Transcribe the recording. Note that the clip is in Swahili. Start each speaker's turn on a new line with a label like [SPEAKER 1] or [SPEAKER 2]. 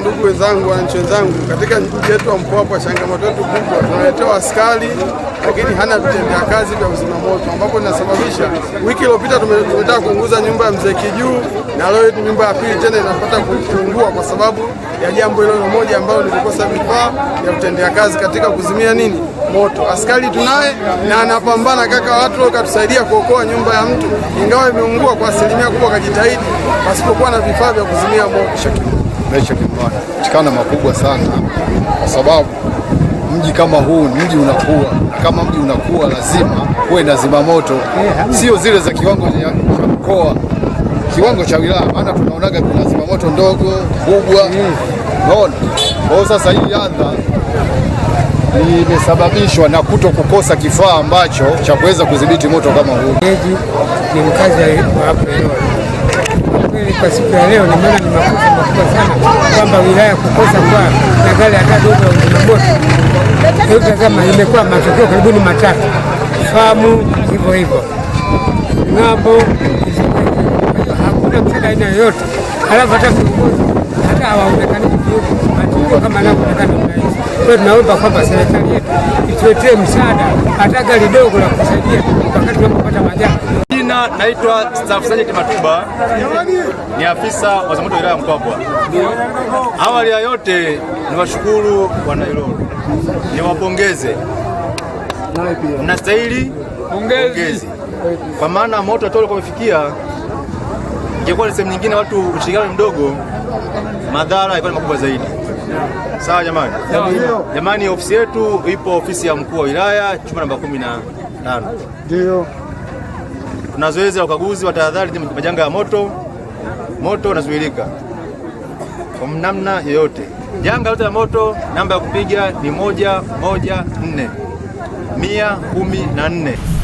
[SPEAKER 1] Ndugu wenzangu, wananchi wenzangu, katika mji wetu wa Mpwapwa, changamoto yetu kubwa tunaletewa askari, lakini hana vitendea kazi vya uzima moto, ambapo inasababisha wiki iliyopita tumetaka kuunguza nyumba ya mzee Kijuu na leo nyumba ya pili tena inapata kuungua kwa sababu ya jambo hilo moja ambalo lilikosa vifaa vya kutendea kazi katika kuzimia nini moto. Askari tunaye na anapambana kaka, watu leo katusaidia kuokoa nyumba ya mtu, ingawa imeungua kwa asilimia kubwa, kajitahidi pasipokuwa na vifaa vya kuzimia moto
[SPEAKER 2] mechi ya chikana makubwa sana, kwa sababu mji kama huu mji unakuwa na kama mji unakuwa lazima kuwe na zimamoto, sio zile za kiwango cha mkoa, kiwango cha wilaya. Maana tunaonaga kuna zimamoto ndogo kubwa, unaona. Kwa hiyo sasa hii adha imesababishwa na kuto kukosa kifaa ambacho cha kuweza kudhibiti moto kama huu.
[SPEAKER 3] Ni mkazi wa hapa Kweli kwa siku ya leo nimeona ni makosa makubwa sana kwamba wilaya kukosa kwa na gari hata dogo ya uzimamoto. Hebu tazama, imekuwa matokeo karibuni matatu, famu hivyo hivyo, ng'ambo, hakuna msaada aina yoyote, halafu hata viongozi hata hawaonekani vizuri, matokeo kama anavyoonekana Kwa hiyo tunaomba kwamba serikali yetu ituletee msaada hata gari dogo la kusaidia wakati tunapopata majanga
[SPEAKER 4] naitwa Staff Sergeant Matuba, ni afisa wa zimamoto wilaya ya Mpwapwa. Awali ya yote niwashukuru wana Ilolo, niwapongeze, mnastahili pongezi kwa maana moto toro kumefikia. ingekuwa ni sehemu nyingine, watu ushirikiano mdogo, madhara yalikuwa makubwa zaidi. Sawa jamani, jamani, ofisi yetu ipo ofisi ya mkuu wa wilaya chumba namba kumi na tano. Ndio. Tuna zoezi la ukaguzi wa tahadhari dhidi ya majanga ya moto. Moto unazuilika kwa namna yoyote. Janga lote la moto, namba ya kupiga ni moja moja nne mia kumi na nne.